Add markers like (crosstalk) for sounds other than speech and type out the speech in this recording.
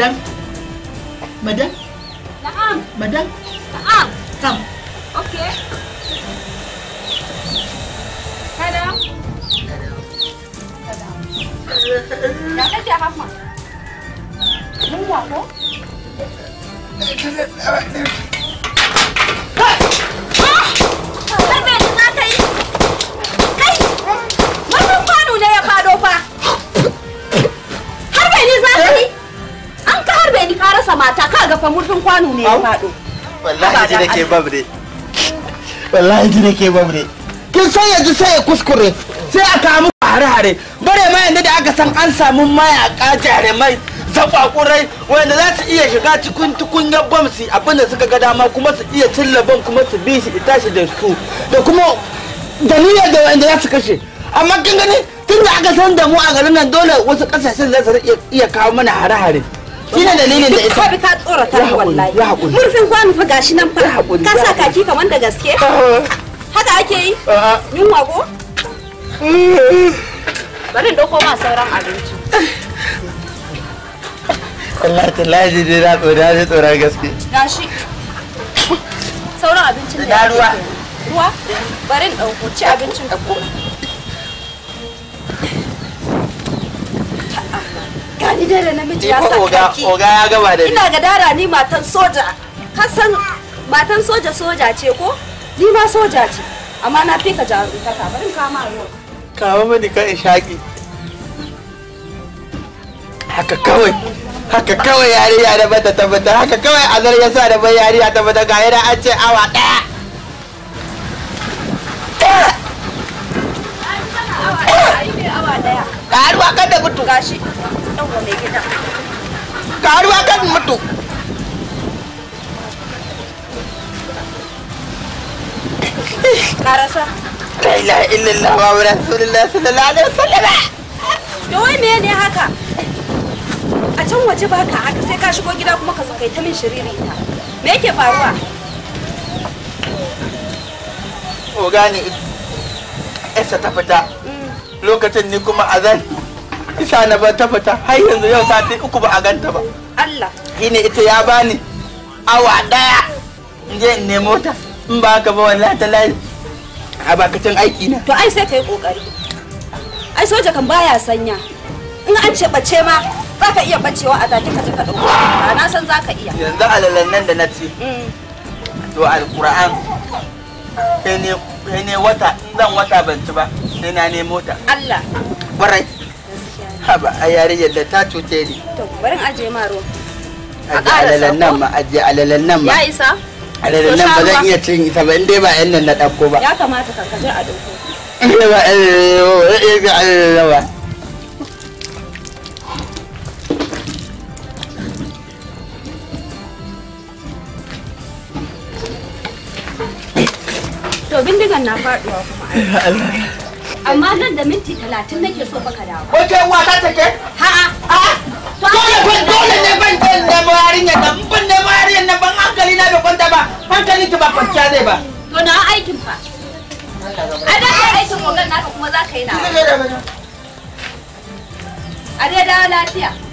madam madam na'am madam na'am kam okay kada ya kake hafa mun wako rasa mata ka ga fa murfin kwano ne ya faɗo wallahi ji nake babre. wallahi ji nake babu kin san yanzu sai ya kuskure sai a kawo muku hare-hare bare ma yanzu da aka san an samu mayaka jarumai zakwakurai wanda za su iya shiga cikin tukunyar bam su abin da suka ga dama kuma su iya cilla bam kuma su bi shi tashi da su da kuma dalilin da wanda za su kashe amma kin gani tun da aka san da mu a garin nan dole wasu kasashen za su iya kawo mana hare-hare Kina dalilin da isa ka tsora ta wallahi murfin kwanu fa gashi nan fa ka sa kaki kaman da gaske ah. haka ake yi ah. min wago mm. bari dauko ma sauran abinci Allah ta laji dai na tsora ne tsora gaske gashi sauran abincin da ruwa ruwa bari dauko ci abincin da ku? dare namiji ya sa kaki oga ya gaba da ina gadara ni matan soja ka san matan soja soja ce ko ni ma soja ce amma na fi ka ka bari kama yau kawo mani ka in shaƙi haka kawai haka kawai yariya da bata tabbata, haka kawai azar ya sa da bai yariya tabbatar ga yana an ce awa ɗaya ɗaya ruwa kan da karuwa kan mutu karasa la ilaha illallah wa rasulullah sallallahu alaihi wasallam to wai me ne haka a can waje ba ka haka sai ka shigo gida kuma ka zo kai ta min shiriri ta me yake faruwa ko gane esa ta fita mm. lokacin ni kuma azan isa na ba ta fita har yanzu yau sati uku ba a ganta ba Allah shine ita ya bani awa daya in je in nemo ta in ba ka ba wallahi ta lai a bakacin aiki na to ai sai kai kokari ai soja kan baya sanya in an ce bace ma za ka iya bacewa a zaki ka ka dauko na san za ka iya yanzu alalan nan da na ce mm. to alquran sai ne wata in zan wata ban ci ba sai na nemo ta Allah barai haba a yarinyar da ta cuce ni to bari in aje ma a alalan nan ma aje alalan nan ma ya isa alalan nan ba zan iya cin ita ba in ba yan nan na dauko ba ya kamata ka kaje a dauko ba eh ba eh ba To bindigan na faduwa kuma. (laughs) amma nan da minti talatin nake so baka dawo. Wai kai uwa ta take? Ha ha. Dole ban dole ne ban ban ne ma yarinya nan ban ne ma nan ban hankali na bai kwanta ba hankali ki ba kwanciya zai ba. To na aikin fa. A da kai aikin kogan naka kuma za ka yi na. A da lafiya.